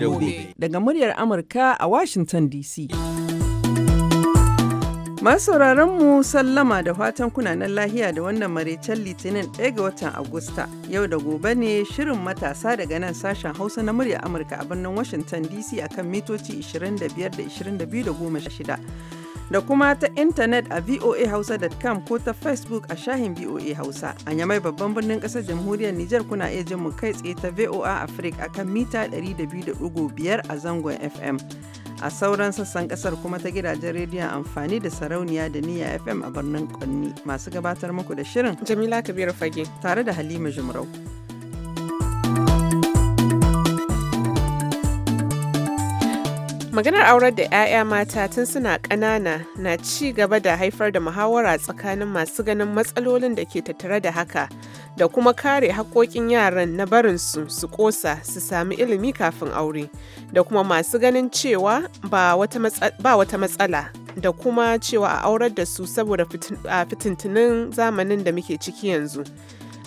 da gobe. Daga muryar Amurka a Washington DC. Masu mu sallama da fatan kunanan lahiya da wannan maraicen litinin 1 ga watan Agusta. Yau da gobe ne shirin matasa daga nan sashen Hausa na muryar Amurka a birnin Washington DC akan mitoci 25 da 22 da 16. da kuma ta intanet a voahausa.com ko ta facebook a shahin voa hausa a yamai babban birnin kasar jamhuriyar nijar kuna iya jin mu kai tsaye ta voa africa akan mita 200.5 a zangon fm a sauran sassan kasar kuma ta gidajen rediyon amfani da sarauniya da niyya fm a birnin kwanni masu gabatar muku da shirin jamila kabiru fage tare da halima jumrau Maganar aurar da 'ya'ya mata tun suna ƙanana na ci gaba da haifar da muhawara tsakanin masu ganin matsalolin da ke tattare da haka da kuma kare haƙoƙin yaran na barinsu su ƙosa su sami ilimi kafin aure da kuma masu ganin cewa ba wata matsala da kuma cewa a aurar da su saboda fitintinin zamanin da muke ciki yanzu.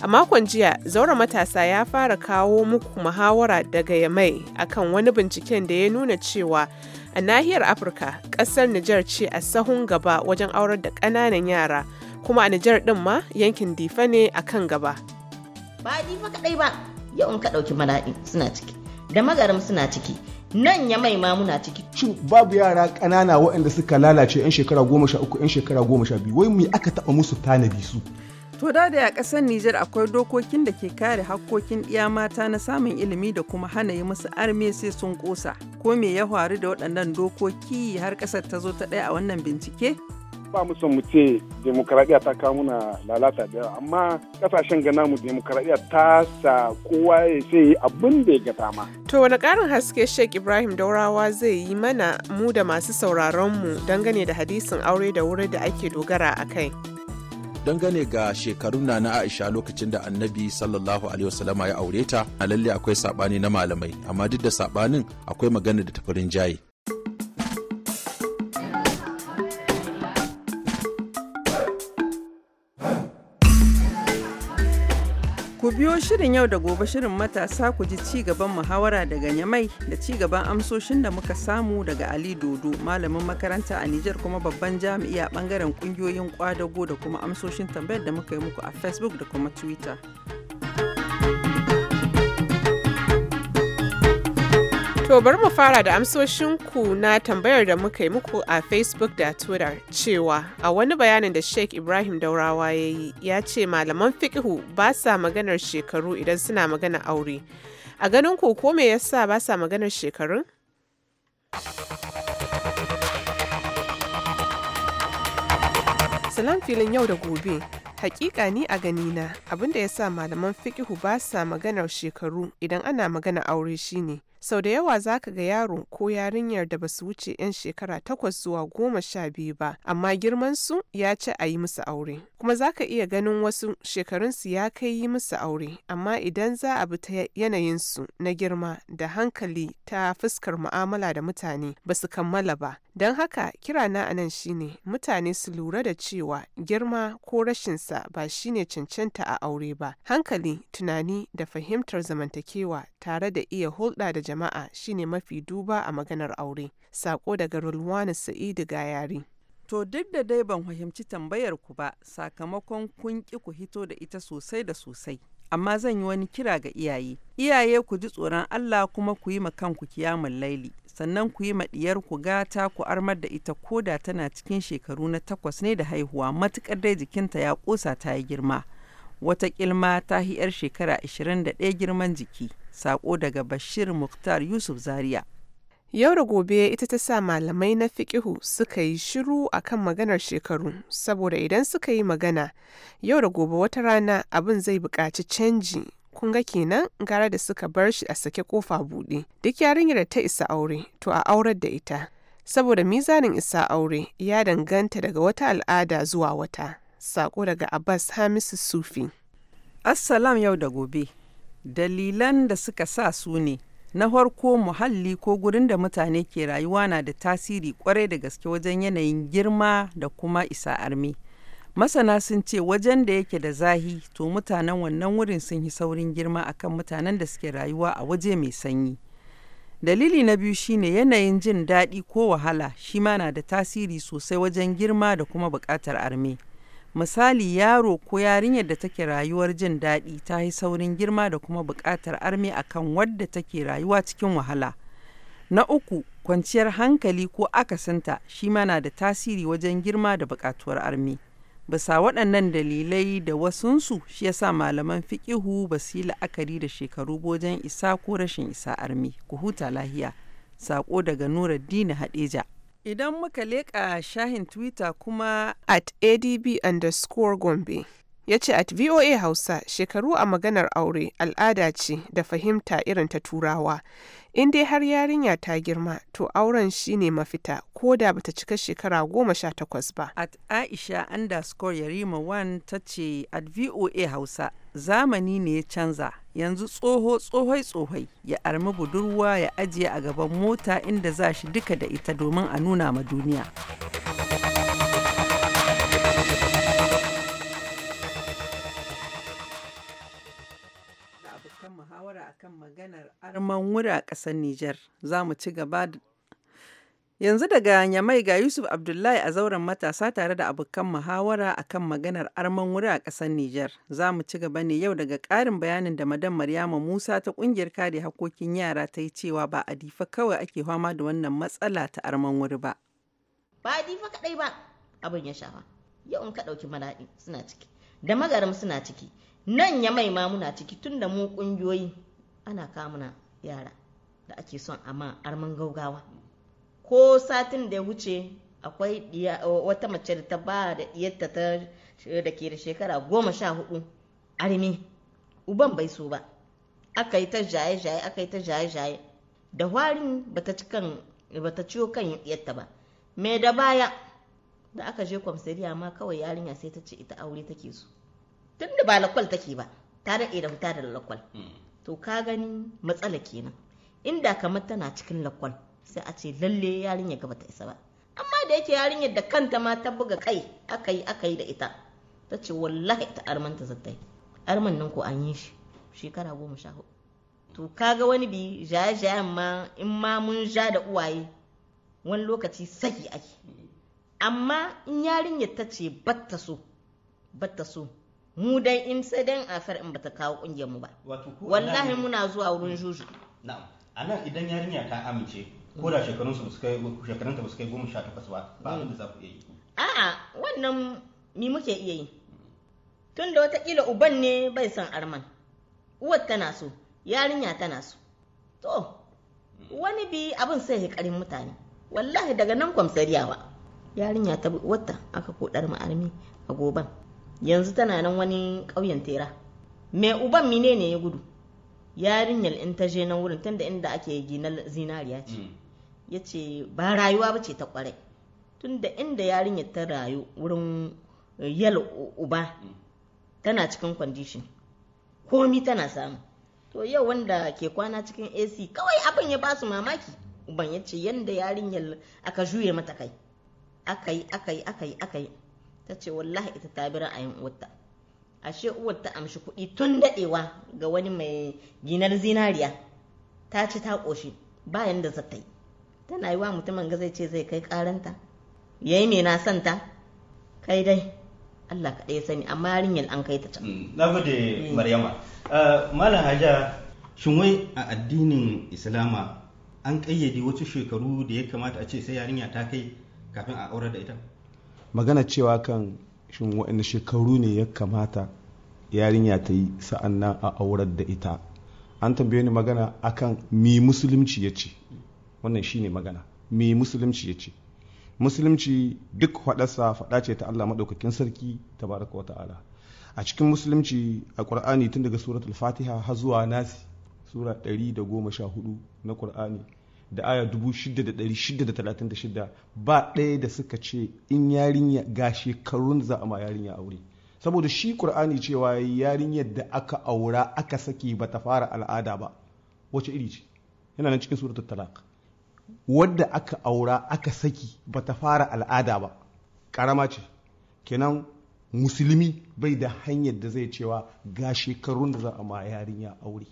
A makon jiya, zaura matasa ya fara kawo muku muhawara daga Yamai akan wani binciken da ya nuna cewa a nahiyar Afirka, ƙasar Nijar ce a sahun gaba wajen aurar da ƙananan yara, kuma a Nijar ɗin ma yankin Difa ne a kan gaba. Ba Difa kaɗai ba, yau in ka ɗauki maraɗi suna ciki, da magaram suna ciki, nan ya mai ma muna ciki. Shin babu yara ƙanana waɗanda suka lalace 'yan shekara goma sha uku, 'yan shekara goma sha biyu, wai me aka taɓa musu tanadi su? To da da a ƙasar Nijar akwai dokokin da ke kare hakkokin ɗiya mata na samun ilimi da kuma hana yi musu arme sai sun ƙosa. Ko me ya faru da waɗannan dokoki har ƙasar ta zo ta ɗaya a wannan bincike? Ba mu son mu ce demokaradiyya ta kawo muna lalata da yawa amma kasashen gana mu demokaradiyya ta sa kowa ya ce abin da ya ga dama. To wani ƙarin haske Sheikh Ibrahim Daurawa zai yi mana mu da masu sauraron mu dangane da hadisin aure da wuri da ake dogara a kai. dangane ga shekarun na na aisha lokacin da annabi sallallahu alaihi wasallama ya aure ta a lalle akwai sabani na malamai amma duk da sabanin akwai magana da tafi rinjaye biyo shirin yau da gobe shirin matasa ku ji ci gaban muhawara daga Nyamai da ci gaban amsoshin da muka samu daga Ali Dodo malamin makaranta a Nijar kuma babban jami'i a bangaren kungiyoyin kwadago da kuma amsoshin tambayar da muka yi muku a Facebook da kuma Twitter. To bari mu fara da amsoshinku na tambayar da muka yi muku a Facebook da Twitter cewa a wani bayanin da Sheikh Ibrahim Daurawa ya yi ya ce malaman fikihu ba sa maganar shekaru idan suna magana aure. A ganin ku ko me yasa ba sa maganar shekarun? Salam filin yau da gobe. Hakika ni a ganina abinda ya sa malaman fikihu ba sa maganar shekaru idan ana magana aure shine. sau da yawa za ka ga yaro ko yarinyar da ba su wuce 'yan shekara takwas zuwa goma sha biyu ba amma girmansu ya ci a yi musu aure kuma za ka iya ganin wasu shekarunsu ya kai yi musu aure amma idan za a bi ta yanayinsu na girma da hankali ta fuskar mu'amala da mutane ba su kammala ba don haka kira na anan shine mutane su lura da cewa girma ko rashinsa ba shine cancanta a aure ba hankali tunani da fahimtar zamantakewa tare da iya hulɗa da jama'a shine mafi duba a maganar aure. Sako daga rulwani Sa'idu yari To duk da dai ban fahimci tambayar ku ba sakamakon kun ki ku hito da ita sosai da sosai. Amma zan yi wani kira ga iyaye. Iyaye ku ji tsoron Allah kuma ku yi ma kanku kiyamun laili. sannan ku yi maɗiyar ku gata ku armar da ita koda tana cikin shekaru na takwas ne da haihuwa matuƙar dai jikinta ya ƙosa ta yi girma. wata kilma ta hi 'yar shekara 21 girman jiki sako daga bashir muktar yusuf zaria yau da gobe ita ta sa malamai na fiƙihu suka yi shiru a kan maganar shekaru saboda idan suka yi magana yau da gobe wata rana abin zai buƙaci canji kun ga kenan gara da suka bar shi a sake kofa buɗe duk yarinyar da ta isa aure to a aurar da ita saboda mizanin isa aure ya danganta daga wata al'ada zuwa wata Sako daga Abbas Hamisu Sufi. Assalam yau da gobe. Dalilan da suka sa su ne na farko muhalli ko gurin da mutane ke rayuwa na da tasiri kwarai da gaske wajen yanayin girma da kuma isa armi. Masana sun ce wajen da yake da zahi to mutanen wannan wurin sun yi saurin girma akan mutanen da suke rayuwa a waje mai sanyi. Dalili na biyu shine yanayin jin daɗi ko wahala shi ma na da tasiri sosai wajen girma da kuma buƙatar armi. Misali, yaro ko yarinyar da take rayuwar jin daɗi ta yi saurin girma da kuma buƙatar armi a kan wadda take rayuwa cikin wahala. Na uku, kwanciyar hankali ko akasinta shi ma na da tasiri wajen girma da buƙatuwar armi Bisa waɗannan dalilai da wasunsu shi yasa malaman fiƙihu ba su yi la'akari da shekaru wajen isa ko rashin isa armi Ku huta lahiya. Saƙo daga Nuruddin hadeja. Idan muka leƙa shahin Twitter kuma at ADB underscore Gombe. Ya ce at VOA Hausa shekaru a maganar aure al'ada ce da fahimta irin ta turawa In dai har yarinya ta girma, to auren shi ne mafita ko da bata cika shekara goma sha takwas ba. At Aisha underscore Yarima Wan ta ce at VOA Hausa zamani ne ya canza yanzu tsoho tsohoi tsohoi ya armi budurwa ya ajiye a gaban mota inda za shi duka da ita domin a nuna ma duniya. muhawara akan maganar arman wuri a ƙasar Nijar. Za mu ci gaba Yanzu daga Nyamai ga Yusuf Abdullahi a zauren matasa tare da abokan muhawara akan maganar arman wuri a ƙasar Nijar. Za mu ci gaba ne yau daga ƙarin bayanin da Madam Maryama Musa ta ƙungiyar kare hakokin yara ta yi cewa ba a difa kawai ake fama da wannan matsala ta arman wuri ba. Ba a difa kaɗai ba abin ya shafa. Yau in ka ɗauki maraɗi suna ciki, da magaram suna ciki, nan ya mai muna ciki tun da mu ƙungiyoyi ana kamuna yara da ake son amma arman gaugawa ko satin da ya wuce akwai wata mace da ta ba da diyarta ta da ke da shekara goma sha hudu armi uban bai so ba aka yi ta jaye-jaye aka yi ta jaye-jaye da warin ta ciwo kan yadda ba mai da baya da aka je kwamsariya ma kawai yarinya sai ta ce ita aure take so tun da ba lakwal take ba ta daɗe da wuta da lakwal hmm. to ka gani matsala kenan inda kamar tana cikin lakwal sai a ce lalle yarinya gaba ta isa ba amma da yake yarinyar da kanta ma ta buga kai aka yi aka yi da ita ta ce wallahi ta armanta ta yi arman nan ko an yi shi shekara goma sha hudu to kaga wani bi jaya-jaya ma in ma mun ja da uwaye wani lokaci saki ake hmm. amma in yarinyar ta ce batta so batta so mu dai in sai dan afar in bata kawo kungiyar mu ba wallahi muna zuwa wurin juju na'am anan idan yarinya ta amince ko da shekarun su suka shekarun ta suka goma sha takwas ba ba abin da za ku iya yi a'a wannan mi muke iya yi tun da watakila uban ne bai son arman uwar tana so yarinya tana so to wani bi abin sai hikarin mutane wallahi daga nan ba yarinya ta wata aka kodar ma'armi a goban yanzu tana nan wani ƙauyen tera mai uban mine ne ya gudu yarinyar in ta je nan wurin tunda inda ake ginar zinariya ce mm. ya ce ba rayuwa ba ce ta kwarai tunda inda yarinyar ta rayu wurin yal uba mm. tana cikin kwandishin komi tana samu to yau wanda ke kwana cikin ac kawai abin ya basu mamaki uban ya ce yadda yarinyar aka juye mata kai aka yi aka yi aka yi aka yi ta ce wallahi ita ta bi yin uwarta ashe uwar ta amshi kuɗi tun daɗewa ga wani mai ginar zinariya ta ci ta ƙoshi bayan da zata yi tana yi wa mutumin ga zai ce zai kai ƙaranta Ya yi na santa kai dai Allah kaɗai ya sani amma yal an kai ta can. Mm, na gode mm. Maryama. Uh, Malam Haja shin wai a addinin Islama an ƙayyade wasu shekaru da ya kamata a ce sai yarinya ta kai kafin a aurar da ita? magana cewa kan shin waɗanne shekaru ne ya kamata yarinya ta yi sa'an nan a aurar da ita an tambaye ni magana akan mi musulunci ya ce wannan shi ne magana mi musulunci ya ce musulunci duk faɗarsa faɗa ce ta Allah maɗaukakin sarki baraka wa ta'ala a cikin musulunci a ƙur'ani tun daga suratul fatiha har zuwa nasi sura 114 na ƙur'ani da aya 6636 ba ɗaya da suka ce in yarinya ga shekarun za a ma yarinya aure saboda shi qur'ani cewa yarinyar da aka aura aka saki ba ta fara al'ada ba wace iri ce yana nan cikin suratul talaq wadda aka aura aka saki ba ta fara al'ada ba karama ce kenan musulmi bai da hanyar da zai cewa ga shekarun da za a ma yarinya aure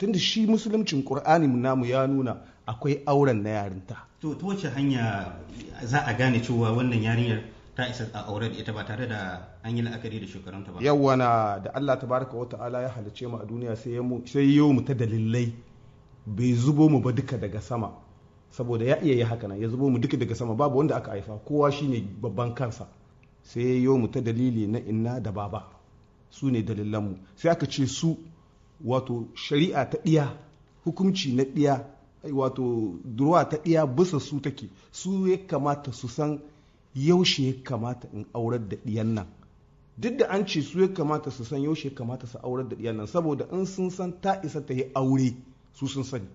Tun da shi musuluncin qur'ani namu ya nuna akwai auren na yarinta to ta wace hanya za a gane cewa wannan yarinyar ta isa a aure ita ba tare da an yi la'akari da shekarunta ba yawwana da Allah tabaraka wa ta'ala ya halice mu a duniya sai ya mu sai yau mu ta dalilai bai zubo mu ba duka daga sama saboda ya iya yi haka nan ya zubo mu duka daga sama babu wanda aka haifa kowa shine babban kansa sai yau mu ta dalili na inna da baba su ne dalilanmu sai aka ce su wato shari'a ta ɗiya hukunci na ɗiya wato durowa ta ɗiya bisa su take su ya kamata su san yaushe ya kamata in aurar da ɗiyan nan duk da an ce su ya kamata su san yaushe ya kamata su aurar da ɗiyan nan saboda in sun san ta isa ta yi aure su sun sani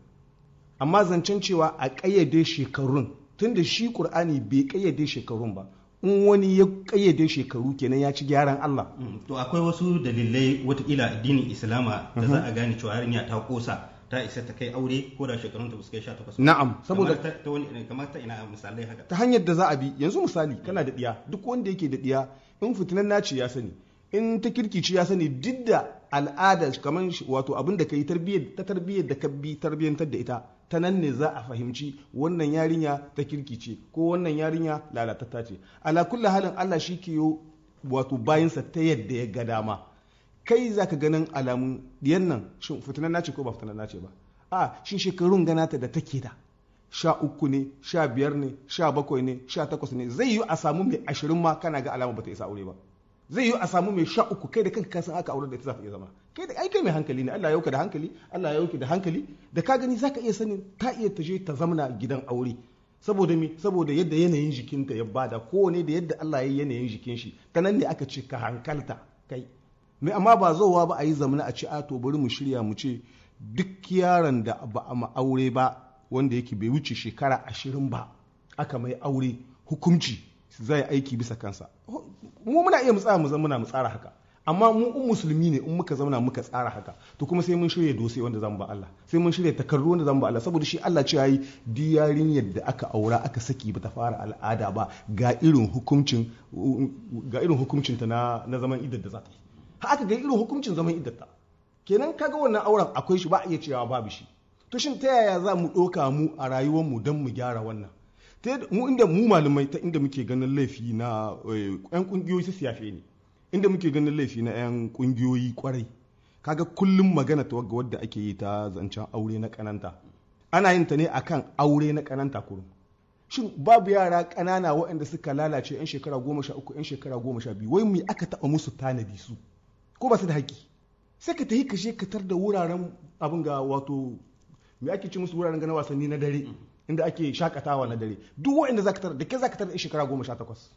amma zancen cewa a ƙayyade shekarun tunda shi ƙur'ani bai ƙayyade shekarun ba in wani ya kayyade shekaru kenan ya ci gyaran Allah. Mm, to akwai wasu dalilai watakila addinin Islama da za a mhm. gane cewa yarinya ta kosa ta isa ta kai aure ko da shekarun ta kai 18. Na'am saboda ta wani kamar ta ina misalai haka. Ta hanyar da za a bi yanzu misali kana da ɗiya duk wanda yake da ɗiya in fitinan naci ya sani in ta kirkici ya sani duk da al'ada kamar wato abin da ka yi tarbiyyar ta tarbiyyar da ka bi tarbiyyantar da ita ta nan ne za a fahimci wannan yarinya ta kirkice ko wannan yarinya lalatata ce ala kulli halin Allah shi ke yo wato bayansa ta yadda ya ga dama kai za ka ganin alamun diyan nan shin fitinan nace ko ba fitinan nace ba a shin shekarun ganata da take da sha uku ne sha biyar ne sha bakwai ne sha takwas ne zai yi a samu mai ashirin ma kana ga alama bata isa aure ba zai yi a samu mai sha uku kai da kanka ka san aka auren da ita za ta iya zama kai da ai kai mai hankali ne Allah ya yauka da hankali Allah ya yauka da hankali da ka gani zaka iya sanin ta iya ta ta zamna gidan aure saboda me saboda yadda yanayin jikinta ya bada kowane da yadda Allah ya yi yanayin jikin shi ta nan ne aka ce ka hankalta kai me amma ba zowa ba a yi zamana a ce a to bari mu shirya mu ce duk yaron da ba a ma aure ba wanda yake bai wuce shekara ashirin ba aka mai aure hukunci zai aiki bisa kansa mu muna iya mu tsaya mu zama mu tsara haka amma mu in musulmi ne in muka zauna muka tsara haka to kuma sai mun shirya dose wanda zamu ba Allah sai mun shirya takarru wanda zamu ba Allah saboda shi Allah ce yayi diyarin yadda aka aura aka saki bata fara al'ada ba ga irin hukuncin ga irin hukuncin ta na zaman iddar da za ta ha aka ga irin hukuncin zaman iddar ta kenan kaga wannan auren akwai shi ba a iya cewa babu shi to shin ta yaya za mu doka mu a rayuwar mu don mu gyara wannan mu inda mu malamai ta inda muke ganin laifi na yan eh, kungiyoyi su siyafe ne inda muke ganin laifi na yan kungiyoyi kwarai kaga kullum magana ta wagga wadda ake yi ta zancen aure na kananta ana yin ta ne akan aure na kananta kurum shin babu yara ƙanana waɗanda suka lalace 'yan shekara goma sha uku 'yan shekara goma sha biyu wai mai aka taɓa musu tanadi su ko ba su da haƙƙi sai ka tafi ka tar da wuraren abin ga wato me ake ce musu wuraren gana wasanni na dare inda ake shakatawa na dare duk wa'anda zaka tara da ke zaka tara shekara goma sha takwas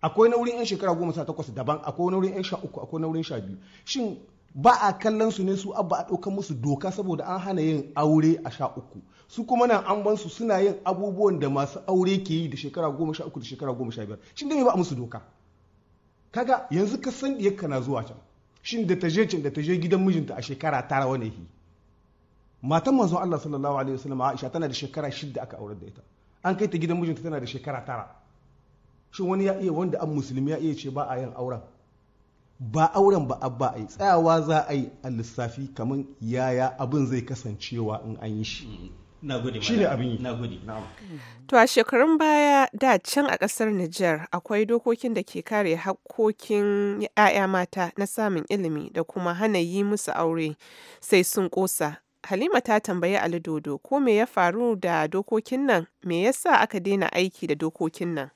akwai na wurin yan shekara goma sha takwas daban akwai na wurin yan sha uku akwai na wurin sha biyu shin ba a kallon su ne su abba a ɗaukar musu doka saboda an hana yin aure a sha uku su kuma nan an ban su suna yin abubuwan da masu aure ke yi da shekara goma sha uku da shekara goma sha biyar shin dai ba a musu doka kaga yanzu ka san diyar na zuwa can shin da ta je can da ta je gidan mijinta a shekara tara wani yi matan manzon Allah sallallahu alaihi wasallam Aisha tana da shekara shidda aka aurar da ita an kai ta gidan mijinta tana da shekara tara shin wani ya iya wanda an musulmi ya iya ce ba a yin auren ba auren ba abba a yi tsayawa za a yi a lissafi kamar yaya abin zai kasancewa in an yi shi mm-hmm. shi ne abin yi to a shekarun baya da can a kasar Nijar akwai dokokin da ke kare hakkokin 'ya'ya mata na samun ilimi da kuma hana yi musu aure sai sun kosa Halima ta tambayi Ali Dodo ko me ya faru da dokokin nan, me yasa aka daina aiki da dokokin nan?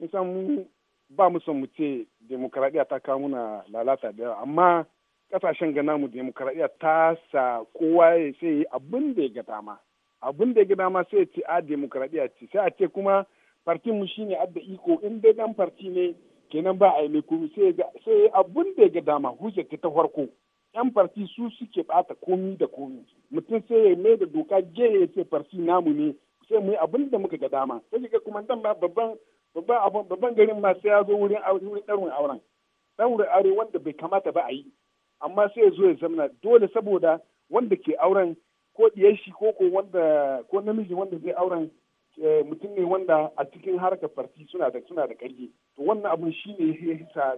Nisan mu ba mu son mu ce demokaradiyya ta kawo muna lalata da yawa, amma ƙasashen gana mu demokaradiyya ta sa kowa ya sai yi abin da ya ga dama. Abin da ya ga dama sai ya ce a demokaradiyya ce, sai a ce kuma farti mu shine adda iko in dai dan farti ne kenan ba a yi mai sai abin da ya ga dama hujjar ta farko. 'yan farti su suke bata komi da komi mutum sai ya mai da doka je ya ce farti namu ne sai mu yi abin da muka ga dama sai ga kuma dan ba babban babban babban garin ma sai ya zo wurin wurin ɗaurin auren wurin aure wanda bai kamata ba a yi amma sai ya zo ya zamana dole saboda wanda ke auren ko diyar shi ko ko wanda ko namiji wanda zai auren eh, mutum ne wanda a cikin harkar farti suna da suna da ƙarfi to wannan abun shine ya sa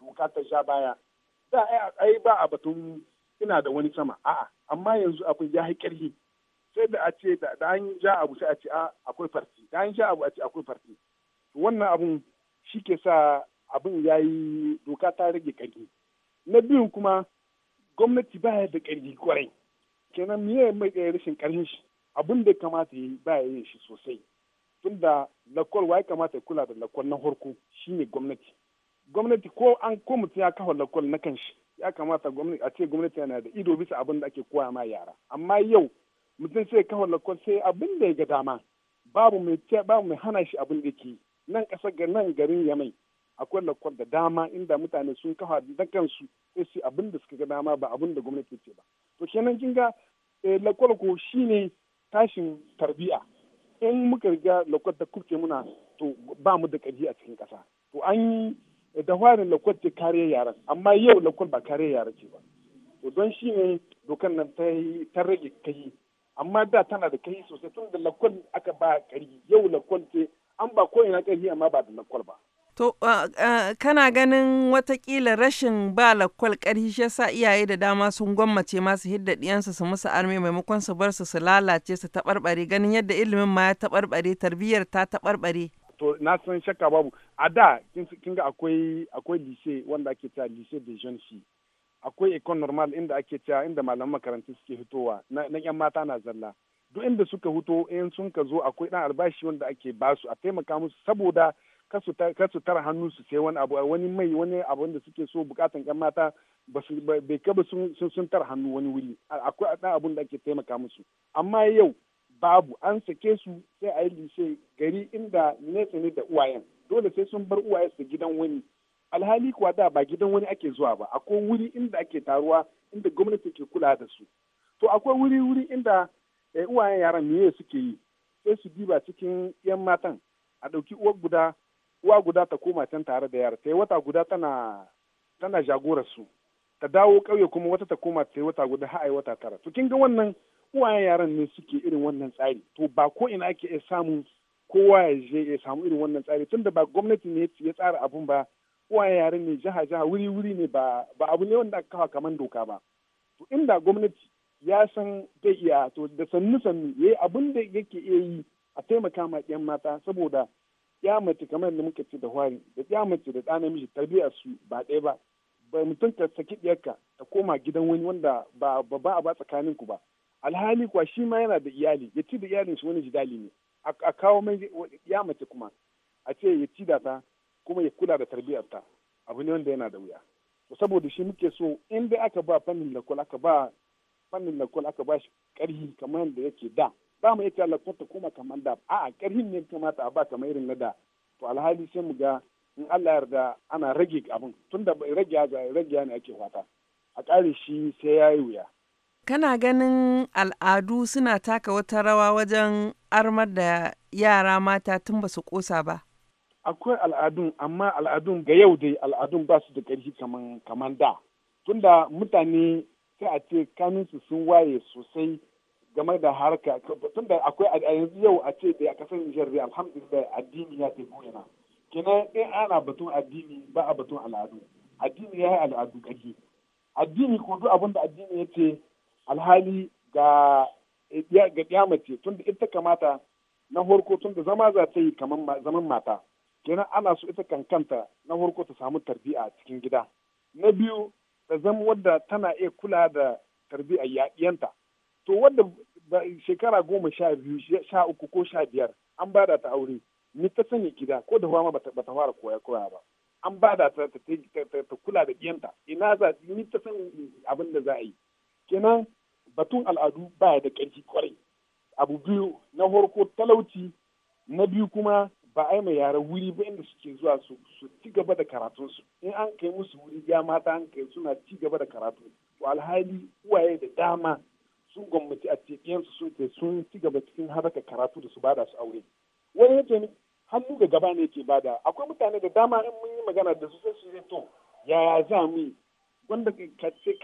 doka ta sha baya da ai ba a batun ina da wani sama a'a amma yanzu akwai ya yi sai da a ce da an ja abu sai a ce ah, akwai farti da an ja abu a ce akwai farti wannan abun shi ke sa abin ya yi doka ta rage ƙarfi na biyun kuma gwamnati baya da ƙarfi kwarai kenan miye mai rashin ƙarfin shi abin da kamata ya yi baya yin shi sosai tunda lakol ya kamata ya kula da lakol na harko shine gwamnati gwamnati ko an ko mutum ya kafa lakwal na shi ya kamata gwamnati a ce gwamnati yana da ido bisa abin da ake koya ma yara amma yau mutum sai kafa lakwal sai abin da ya ga dama babu mai babu mai hana shi abin da ke nan kasar ga nan garin yamai akwai lakwal da dama inda mutane sun kafa da kansu sai su abin da suka ga dama ba abin da gwamnati ce ba to kenan kin ga eh, lakwal ko shine tashin tarbiya in muka riga lakwal da kuke muna to ba mu da ƙarfi a cikin ƙasa to an yi da wani lakwal ta kare yaran amma yau lakwal ba kare yara ce ba to don shi ne dokan nan ta yi ta rage kai amma da tana da kai sosai tun da lakwal aka ba kari yau lakwal ce an ba ko ina kai amma ba da lakwal ba to kana ganin watakila rashin ba lakwal kari shi yasa iyaye da dama sun gwammace masu hidda diyansu su musu arme maimakon su bar su su lalace su taɓarɓare ganin yadda ilimin ma ya taɓarɓare tarbiyyar ta taɓarɓare to na san shakka babu a da kin ga akwai akwai lise wanda ake cewa lise de jeune fille akwai ecole normal inda ake cewa inda malaman makarantu suke fitowa na yan mata na zalla duk inda suka huto in sun ka zo akwai dan albashi wanda ake basu a taimaka musu saboda kasu tara hannu su sai wani abu wani mai wani abu wanda suke so bukatan yan mata bai kaba sun tara hannu wani wuri akwai dan abun da ake taimaka musu amma yau babu an sake su sai a yi lise gari inda ne da uwayen dole sai sun bar uwaye su gidan wani alhali kuwa da ba gidan wani ake zuwa ba akwai wuri inda ake taruwa inda gwamnati ke kula da su to akwai wuri wuri inda eh, uwayen yaran meye suke yi sai su diba cikin yan matan a ɗauki uwa guda uwa guda ta koma can tare da yara ta wata guda tana tana jagorar su ta dawo ƙauye kuma wata ta koma ta wata guda har wata tara to kin ga wannan uwayen yaran ne suke irin wannan tsari to ba ko ina ake iya samun kowa ya je ya samu irin wannan tsari tunda ba gwamnati ne ya tsara abun ba uwayen yaran ne jiha jiha wuri wuri ne ba ba abu ne wanda aka kawo kamar doka ba to inda gwamnati ya san zai iya to da sannu sannu ya yi abun da yake iya yi a taimaka ma yan mata saboda ya mace kamar da muka ce da hwari da ya mace da ɗa namiji tarbiyyar su ba ɗaya ba ba mutum ka saki ɗiyarka ta koma gidan wani wanda ba ba a ba tsakaninku ba alhali kuwa shi ma yana da iyali ya ci da iyalin shi wani jidali ne a kawo mai ya mace kuma a ce ya ci da ta kuma ya kula da tarbiyyar ta abu ne wanda yana da wuya to saboda shi muke so in dai aka ba fannin lakol aka ba fannin lakol aka ba shi karhi kamar yadda yake da ba mu yake lakol ta koma kamar da a'a karhin ne kamata a ba kamar irin na da to alhali sai mu ga in Allah yarda ana rage abin tunda rage rage ne ake fata a ƙare shi sai ya wuya Kana ganin al'adu suna taka wata rawa wajen armar da yara mata tun ba su ƙosa ba? Akwai al'adun, amma al'adun ga yau dai al'adun ba su da ƙarfi kaman da. Tunda mutane sai a ce kanunsu sun waye sosai game da harka tunda akwai a yanzu yau a ce dai a kasar Nijar dai alhamdulillah addini ya tafi yana. Kenan in ana batun addini ba a batun al'adu. Addini ya yi al'adu ƙarfi. Addini ko duk abin da addini ya ce alhali ga eh, ga ɗiya mace tun da ita kamata na horko tun da zama za ta yi kamar zaman mata kenan ana so ita kankanta na horko ta samu tarbiya a cikin gida na biyu ta zama wadda tana iya kula da tarbiya yaƙiyanta to wadda shekara goma sha biyu sha uku ko sha biyar an bada ta aure ni ta sani gida ko da ma ta fara koya koya ba an bada ta ta kula da ɗiyanta ina za ni ta sani abin da za a yi kenan batun al'adu baya da ƙarfi kwarai abu biyu na horko talauci na biyu kuma ba a yi ma yara wuri ba inda suke zuwa su ci gaba da karatunsu in an kai musu wuri ya mata an kai suna ci gaba da karatu to alhali uwaye da dama sun gwamnati a cikinsu sun ce sun ci gaba cikin haraka karatu da su bada su aure wani yace hannu ga gaba ne yake bada akwai mutane da dama in mun yi magana da su sai su yi to yaya za mu yi wanda ka ce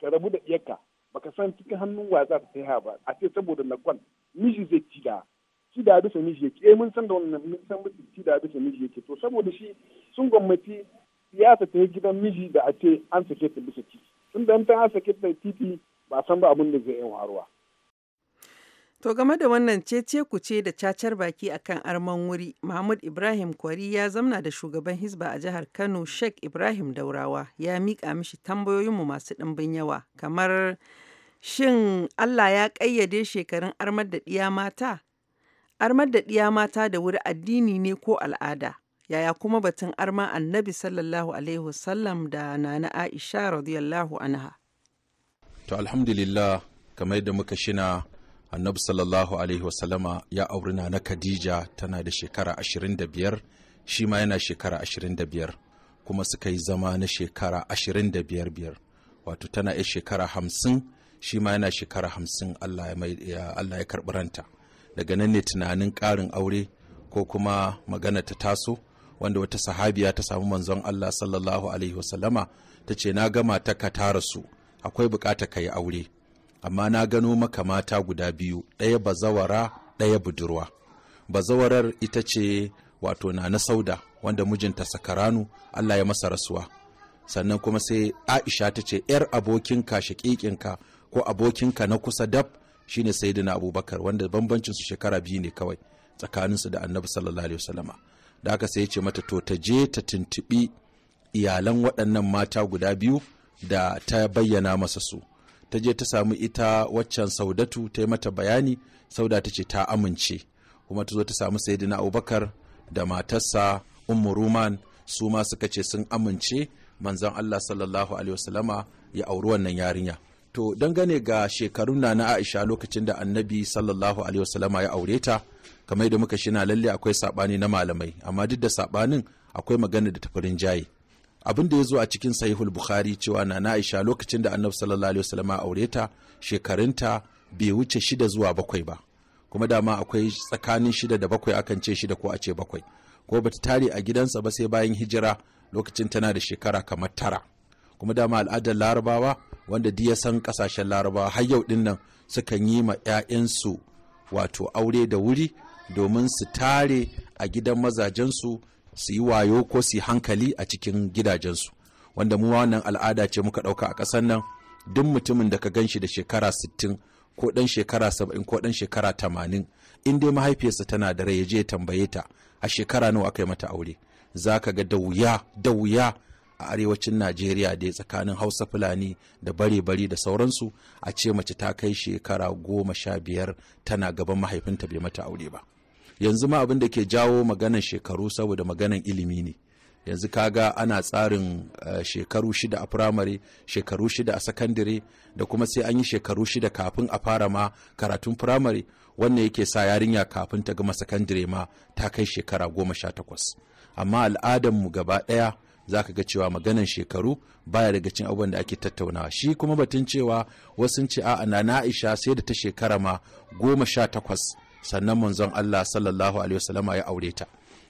ka rabu da iyaka baka san cikin hannun wa za ta taya ba a ce saboda na gwal miji zai ci da ci da bisa miji yake eh mun san da wannan mun san miji ci da bisa miji yake to saboda shi sun gwamnati siyasa ta gidan miji da a ce an sake ta bisa ci tun da an ta sake ta titi ba san ba abin da zai yi waruwa. To game da wannan cece kuce da cacar baki akan arman wuri, Mahmud Ibrahim Kwari ya zamna da shugaban Hizba a jihar Kano Sheikh Ibrahim Daurawa ya miƙa mishi tambayoyinmu masu ɗimbin yawa kamar shin Allah ya ƙayyade shekarun armar da ɗiya mata? Armar da ɗiya mata da wuri addini ne ko al'ada? Yaya kuma batun arma annabi sallallahu alaihi wasallam da nana Aisha radiyallahu anha? To alhamdulillah kamar da muka shina annabi sallallahu alaihi wasallama ya auri na khadija tana da shekara 25 shi ma yana shekara 25 kuma suka yi zama na shekara 25 biyar wato tana ya shekara 50 shi ma yana shekara 50 allah ya karɓi ranta daga nan ne tunanin ƙarin aure ko kuma magana ta taso wanda wata sahabiya ta samu manzon allah sallallahu alaihi wasallama ta ce na gama ta ka tara su akwai bukata ka yi aure amma na gano maka mata guda biyu ɗaya bazawara ɗaya budurwa bazawarar ita ce wato na na sauda wanda mijinta sakaranu allah ya masa rasuwa sannan kuma sai aisha ta ce yar abokinka shaƙiƙinka ko abokinka na kusa dab shine sai na abubakar wanda bambancin su shekara biyu ne kawai tsakaninsu da annabi sallallahu alaihi wasallama da haka sai ya ce mata to ta je ta tuntuɓi iyalan waɗannan mata guda biyu da ta bayyana masa su ta je ta samu ita waccan saudatu ta yi mata bayani sauda ta ce ta amince kuma ta zo ta samu sayyidina abubakar da matarsa ummu ruman su ma suka ce sun amince manzon allah sallallahu alaihi wasallama ya auri wannan yarinya to dangane ga shekarun na aisha lokacin da annabi sallallahu alaihi wasallama ya aure ta kamar da muka shi na lalle akwai saɓani na malamai amma duk da saɓanin akwai magana da tafarin jaye abin da ya zo a cikin sahihul bukhari cewa na aisha lokacin da annabi sallallahu alaihi wasallam aure ta shekarunta bai wuce shida zuwa bakwai ba kuma dama akwai tsakanin shida da bakwai akan ce shida ko a ce bakwai ko bata tare a gidansa ba sai bayan hijira lokacin tana da shekara kamar tara kuma dama al'adar larabawa wanda diya san kasashen larabawa har yau din nan sukan yi ma 'ya'yansu wato aure da wuri domin su tare a gidan mazajensu su yi wayo ko su yi hankali a cikin gidajensu wanda mu wannan al'ada ce muka ɗauka a ƙasar nan duk mutumin da ka ganshi da shekara 60 ko ɗan shekara 70 ko ɗan shekara 80 in dai mahaifiyarsa tana da rai ya je tambaye ta a shekara nawa aka yi mata aure za ka ga da wuya da wuya a arewacin najeriya dai tsakanin hausa fulani da bare-bare da sauransu a ce mace ta kai shekara goma sha biyar tana gaban mahaifinta bai mata aure ba yanzu ma abin da ke jawo maganan shekaru saboda maganan ilimi ne yanzu kaga ana tsarin eh, shekaru shida a firamare shekaru shida a sakandare da kuma sai an yi shekaru shida kafin a fara ma karatun firamare wannan yake sa yarinya kafin ta gama sakandare ma ta kai shekara goma sha takwas amma al'adanmu gaba ɗaya za ka ga cewa maganan shekaru baya daga cin abubuwan da ake tattaunawa shi kuma batun cewa wasu ce a'a na na'isha sai da ta shekara ma goma sha takwas sannan manzon Allah sallallahu alaihi wasallama ya aure ta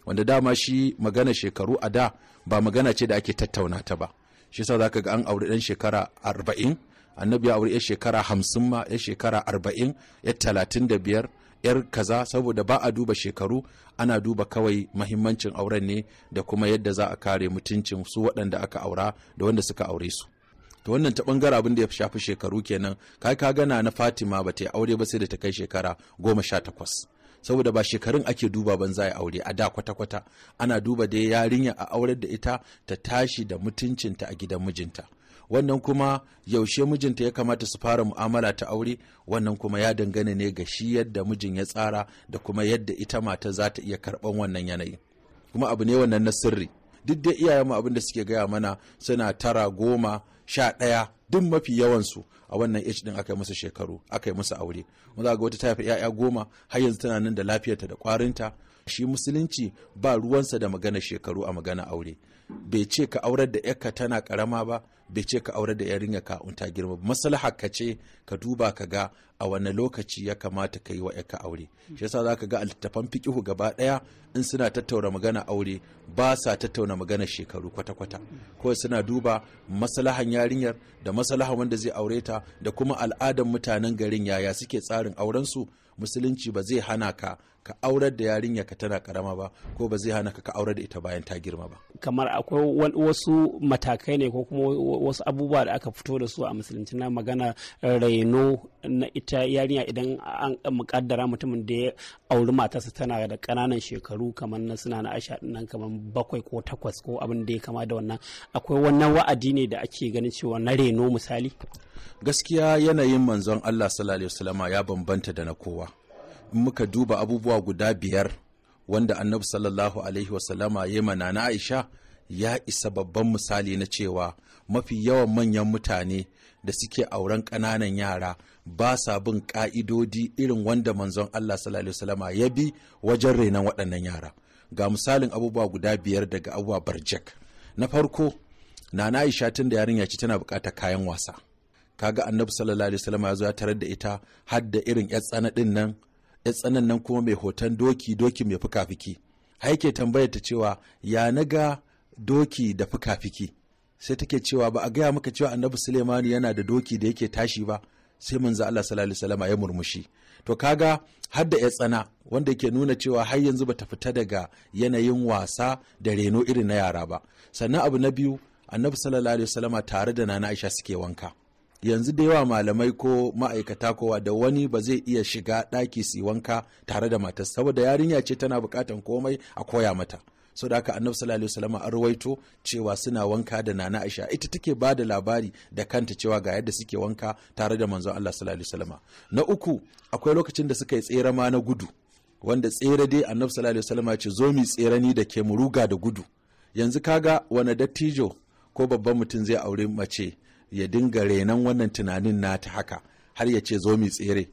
wanda dama shi magana shekaru a da ba magana ce da ake tattauna ta ba shi yasa zaka ga an aure dan shekara arba'in annabi ya aure yar shekara hamsin ma ya shekara arba'in ya talatin da biyar yar kaza saboda ba a duba shekaru ana duba kawai mahimmancin auren ne da kuma yadda za a kare mutuncin su waɗanda aka aura da wanda suka aure su to wannan ta bangare abin da ya shafi shekaru kenan kai ka gana na Fatima ba ta yi aure ba sai da ta kai shekara goma sha takwas saboda ba shekarun ake duba ban banza ya aure a da kwata-kwata ana duba da yarinya a aurar da ita ta tashi da mutuncinta a gidan mijinta wannan kuma yaushe mijinta ya kamata su fara mu'amala ta aure wannan kuma ya dangane ne ga shi yadda mijin ya tsara da kuma yadda ita mata za ta iya karban wannan yanayi kuma abu ne wannan na sirri duk da iyayenmu abin da suke gaya mana suna tara goma sha ɗaya duk mafi yawansu a wannan age din aka yi musu shekaru aka yi musu aure mu za ga wata ta haifi 'ya'ya goma har yanzu tana nan da lafiyarta da kwarinta shi musulunci ba ruwansa da magana shekaru a magana aure bai ce ka aurar da yarka tana karama ba bai ce ka aurar da yarinya ka unta girma maslaha ka ce ka duba ka ga a wani lokaci ya kamata ka yi wa yaka aure shi yasa zaka ga altafan fiqihu gaba daya in suna tattauna magana aure ba sa tattauna magana shekaru kwata kwata ko suna duba maslahan yarinyar da maslahan wanda zai aure ta da kuma al'adan mutanen garin yaya suke tsarin auren su musulunci ba zai hana ka ka aurar da yarinya ka tana karama ba ko ba zai hana ka ka aurar da ita bayan ta girma ba kamar akwai wasu matakai ne ko kuma wasu abubuwa da aka fito da su a musulunci na magana eh, raino na ita yarinya idan an mukaddara mutumin da ya auri matarsa tana da kananan shekaru kamar na suna na asha nan kamar bakwai ko takwas ko abin da ya kama da wannan akwai wannan wa'adi ne da ake ganin cewa na reno misali gaskiya yanayin manzon Allah sallallahu alaihi ya bambanta da na kowa muka duba abubuwa guda biyar wanda annabi sallallahu alaihi wasallama ya mana na aisha ya isa babban misali na cewa mafi yawan manyan mutane da suke auren ƙananan yara ba sa bin ƙa'idodi irin wanda manzon Allah sallallahu alaihi ya bi wajen renon waɗannan yara ga misalin abubuwa guda biyar daga abubuwa barjek na farko na Aisha tun da yarinya ce tana buƙatar kayan wasa kaga annabi sallallahu alaihi wasallam ya zo ya tarar da ita har da irin yar tsana din nan ya tsanan nan kuma mai hoton doki doki mai fuka-fiki haike tambayar ta cewa ya naga doki da fuka-fiki sai take cewa ba a gaya maka cewa annabi suleimanu yana da doki da yake tashi ba sai manzo Allah sallallahu alaihi wasallam ya murmushi to kaga har da ya tsana wanda yake nuna cewa har yanzu bata fita daga yanayin wasa da reno irin na yara ba sannan abu na biyu annabi sallallahu alaihi wasallam tare da nana Aisha suke wanka yanzu da yawa malamai ko ma'aikata kowa da wani ba zai iya shiga ɗaki su wanka tare da matar saboda yarinya ce tana buƙatan komai a koya mata so da haka annabi sallallahu alaihi an ruwaito cewa suna wanka da nana aisha ita take ba da labari da kanta cewa ga yadda suke wanka tare da manzon Allah sallallahu alaihi na uku akwai lokacin da suka yi tsere ma na gudu wanda tsere dai annabi sallallahu alaihi ce zo mu tsere ni da ke muruga da gudu yanzu kaga wani dattijo ko babban mutum zai aure mace ya dinga renon wannan tunanin na ta haka har ya ce zo mu tsere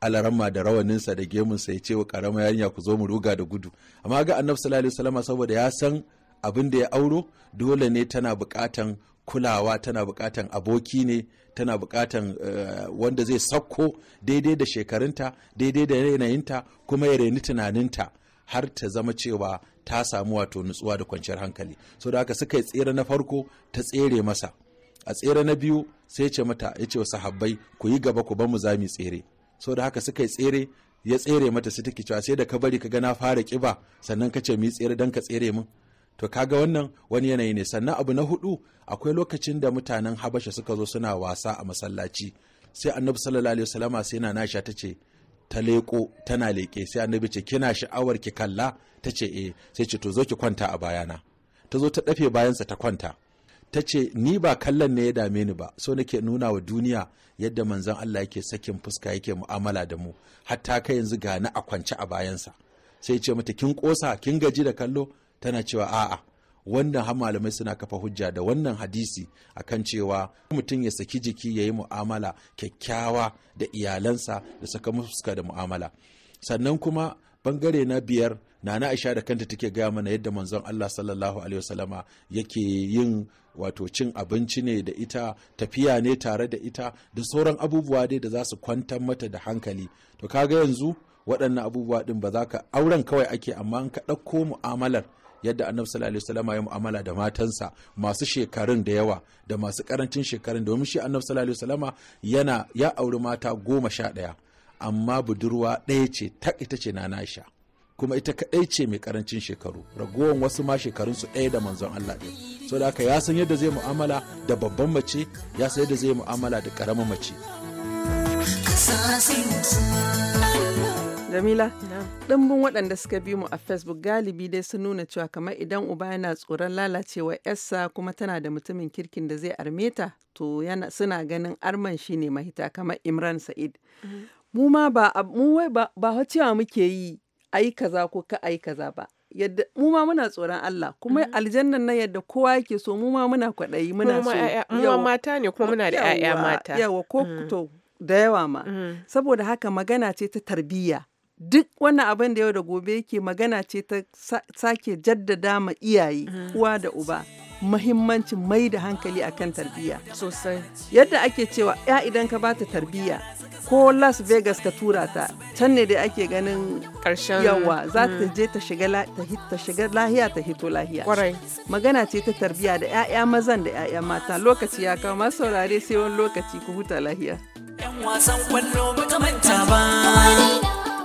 alarama da rawaninsa da gemunsa ya ce wa karama yarinya ku zo mu ruga da gudu amma ga annabi sallallahu alaihi saboda ya san abin da ya auro dole ne tana bukatan kulawa tana bukatan aboki ne tana bukatan eh, wanda zai sakko daidai da shekarunta daidai da yanayinta kuma ya reni tunaninta har ta zama cewa ta samu wato nutsuwa da kwanciyar hankali so da haka suka yi tsere na farko ta tsere masa a tsere na biyu sai ce mata ya ce wasu sahabbai ku yi gaba ku ba mu za mu tsere so da haka suka yi tsere ya tsere mata sai take cewa sai da ka bari ka ga na fara kiba sannan ka ce mu tsere dan ka tsere min to kaga wannan wani yanayi ne sannan abu na hudu akwai lokacin da mutanen habasha suka zo suna wasa a masallaci sai annabi sallallahu alaihi wasallama sai na nasha ta ce ta leko tana leke sai annabi ce kina sha'awar ki kalla ta ce eh sai ce to zo ki kwanta a bayana ta zo ta dafe bayansa ta kwanta ta ce ni ba kallon ne ya dame ni ba so nake nuna wa duniya yadda manzon Allah yake sakin fuska yake mu'amala da mu hatta ka yanzu ga na a kwance a bayansa sai ce mata kin kosa kin gaji da kallo tana cewa a'a wannan har malamai suna kafa hujja da wannan hadisi akan cewa mutum ya saki jiki ya yi mu'amala kyakkyawa da iyalansa da saka fuska da mu'amala sannan kuma bangare na biyar nana aisha da kanta take gaya mana yadda manzon Allah sallallahu alaihi wasallama yake yin wato cin abinci ne da ita tafiya ne tare da ita da sauran abubuwa dai da za su kwantar mata da hankali to kaga yanzu waɗannan abubuwa ɗin ba za ka auren kawai ake amma in ka ɗauko mu'amalar yadda annabi sallallahu alaihi wasallama ya mu'amala da matansa masu shekarun da yawa da masu karancin shekarun domin shi annabi sallallahu alaihi wasallama yana ya auri mata goma sha ɗaya amma budurwa ɗaya ce ta ita ce na nasha kuma ita kaɗai ce mai karancin shekaru ragowar wasu ma shekarun su ɗaya da manzon Allah ɗin so haka ya san yadda zai mu'amala da babban mace ya san yadda zai mu'amala da ƙaramin mace Jamila, ɗimbin waɗanda suka bi mu a Facebook galibi dai sun nuna cewa kamar idan uba yana tsoron lalacewa yarsa kuma tana da mutumin kirkin da zai arme ta, to yana suna ganin arman shine mahita kamar Imran Sa'id. Mm-hmm. Mu ma ba mu wai ba cewa muke yi ai kaza ko ka ai kaza ba yadda mu ma muna tsoron Allah kuma mm -hmm. aljannan nan yadda kowa yake so mu ma muna kwaɗayi muna so mu mata ne kuma muna da mata yawa ko mm. to da yawa ma mm. saboda haka magana ce ta tarbiyya duk wannan abin da yau da gobe yake magana ce ta sake jaddada ma iyaye mm. uwa da uba mahimmancin mai da hankali akan tarbiyya sosai yadda ake cewa ya idan ka ba ta tarbiyya ko las vegas ka tura ta can ne da ake ganin ƙarshen yawa za ta hmm. je ta shiga lahiya ta hito lahiya magana ce ta tarbiyya da 'ya'ya mazan da 'ya'ya mata lokaci ya kawo masu saurare sai wani lokaci ku huta lahiya 'yan wasan kwallo ba ba